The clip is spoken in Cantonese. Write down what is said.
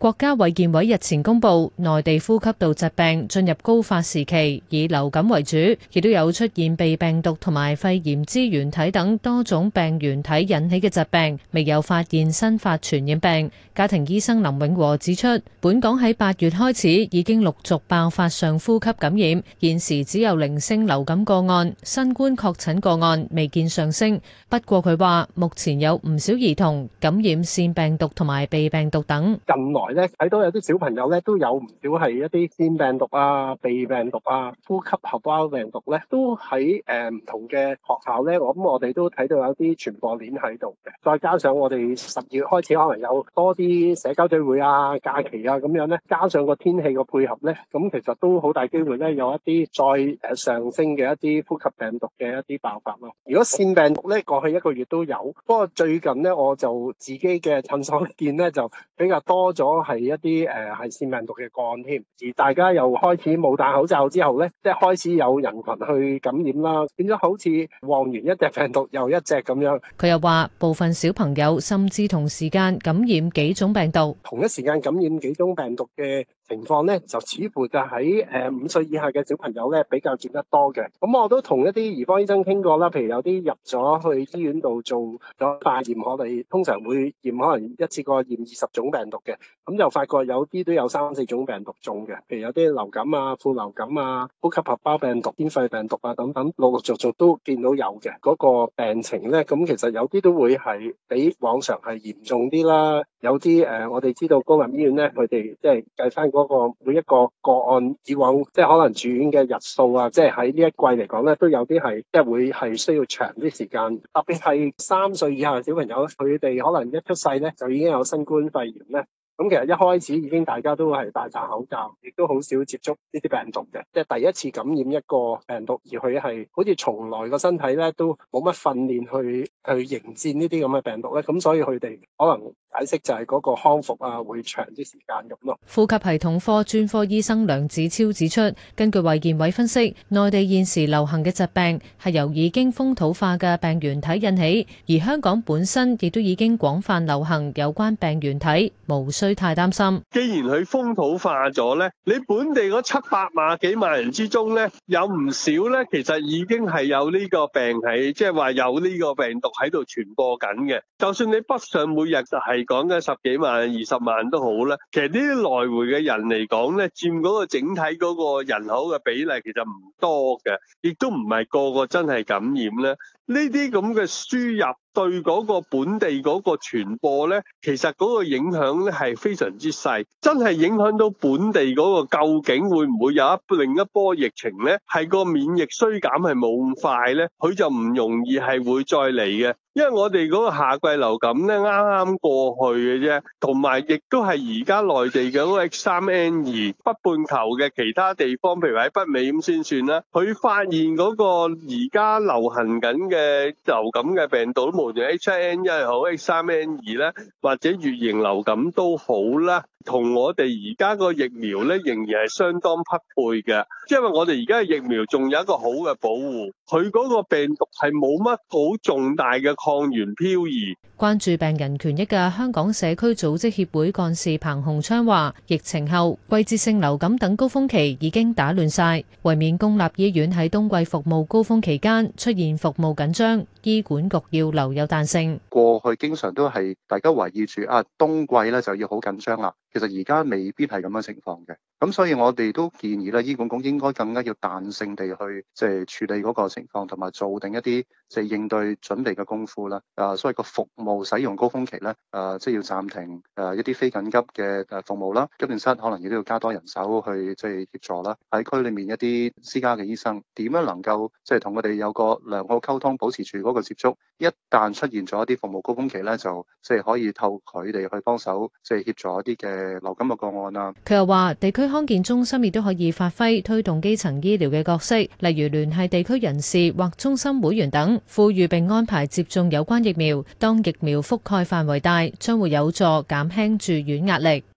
國家衛健委日前公布，內地呼吸道疾病進入高發時期，以流感為主，亦都有出現鼻病毒同埋肺炎支原體等多種病原體引起嘅疾病，未有發現新發傳染病。家庭醫生林永和指出，本港喺八月開始已經陸續爆發上呼吸感染，現時只有零星流感個案、新冠確診個案，未見上升。不過佢話，目前有唔少兒童感染腺病毒同埋鼻病毒等，近咧睇到有啲小朋友咧都有唔少係一啲腺病毒啊、鼻病毒啊、呼吸合胞病毒咧，都喺誒唔同嘅學校咧，咁我哋都睇到有啲傳播鏈喺度嘅。再加上我哋十二月開始可能有多啲社交聚會啊、假期啊咁樣咧，加上個天氣個配合咧，咁、嗯、其實都好大機會咧有一啲再誒上升嘅一啲呼吸病毒嘅一啲爆發咯。如果腺病毒咧過去一個月都有，不過最近咧我就自己嘅診所見咧就比較多咗。都係一啲誒係腺病毒嘅個案添，而大家又開始冇戴口罩之後咧，即係開始有人群去感染啦，變咗好似旺完一隻病毒又一隻咁樣。佢又話：部分小朋友甚至同時間感染幾種病毒，同一時間感染幾種病毒嘅。情況咧就似乎就喺誒五歲以下嘅小朋友咧比較見得多嘅，咁、嗯、我都同一啲兒科醫生傾過啦。譬如有啲入咗去醫院度做咗化驗，我哋通常會驗可能一次過驗二十種病毒嘅，咁、嗯、就發覺有啲都有三四種病毒中嘅。譬如有啲流感啊、副流感啊、呼吸合胞病毒、偏肺病毒啊等等，陸陸續續都見到有嘅嗰、那個病情咧。咁、嗯、其實有啲都會係比往常係嚴重啲啦。有啲誒，我哋知道公立醫院咧，佢哋即係計翻嗰個每一個個案以往，即係可能住院嘅日數啊，即係喺呢一季嚟講咧，都有啲係即係會係需要長啲時間，特別係三歲以下嘅小朋友，佢哋可能一出世咧就已經有新冠肺炎咧。咁其實一開始已經大家都係戴晒口罩，亦都好少接觸呢啲病毒嘅，即係第一次感染一個病毒，而佢係好似從來個身體咧都冇乜訓練去去迎戰呢啲咁嘅病毒咧，咁所以佢哋可能解釋就係嗰個康復啊會長啲時間咁咯。呼吸系統科專科醫生梁子超指出，根據衞健委分析，內地現時流行嘅疾病係由已經風土化嘅病原體引起，而香港本身亦都已經廣泛流行有關病原體，無需太擔心。既然佢風土化咗咧，你本地嗰七百萬幾萬人之中咧，有唔少咧，其實已經係有呢個病喺，即係話有呢個病毒喺度傳播緊嘅。就算你北上每日就係講緊十幾萬、二十萬都好咧，其實呢啲來回嘅人嚟講咧，佔嗰個整體嗰個人口嘅比例，其實唔多嘅，亦都唔係個個真係感染咧。呢啲咁嘅輸入對嗰個本地嗰個傳播咧，其實嗰個影響咧係非常之細。真係影響到本地嗰個究竟會唔會有一另一波疫情咧？係個免疫衰減係冇咁快咧，佢就唔容易係會再嚟嘅。因為我哋嗰個夏季流感咧，啱啱過去嘅啫，同埋亦都係而家內地嘅嗰個 H 三 N 二北半球嘅其他地方，譬如話喺北美咁先算啦。佢發現嗰個而家流行緊嘅流感嘅病毒都無論 H 一 N 一好 H 三 N 二咧，或者乙型流感都好啦。同我哋而家個疫苗咧，仍然係相當匹配嘅，因為我哋而家嘅疫苗仲有一個好嘅保護，佢嗰個病毒係冇乜好重大嘅抗原漂移。關注病人權益嘅香港社區組織協會幹事彭鴻昌話，疫情後季節性流感等高峯期已經打亂曬，為免公立醫院喺冬季服務高峯期間出現服務緊張，醫管局要留有彈性。過去經常都係大家懷疑住啊，冬季咧就要好緊張啦。其實而家未必係咁樣情況嘅。咁、嗯、所以我哋都建議咧，醫管局應該更加要彈性地去即係、就是、處理嗰個情況，同埋做定一啲即係應對準備嘅功夫啦。啊，所謂個服務使用高峰期咧，啊即係要暫停，誒一啲非緊急嘅誒服務啦。急症室可能亦都要加多人手去即係協助啦。喺、啊、區裏面一啲私家嘅醫生，點樣能夠即係同佢哋有個良好溝通，保持住嗰個接觸。一旦出現咗一啲服務高峰期咧，就即係可以透過佢哋去幫手，即係協助一啲嘅流感嘅個案啊。佢又話地區。康健中心亦都可以發揮推動基層醫療嘅角色，例如聯繫地區人士或中心會員等，呼籲並安排接種有關疫苗。當疫苗覆蓋範圍大，將會有助減輕住院壓力。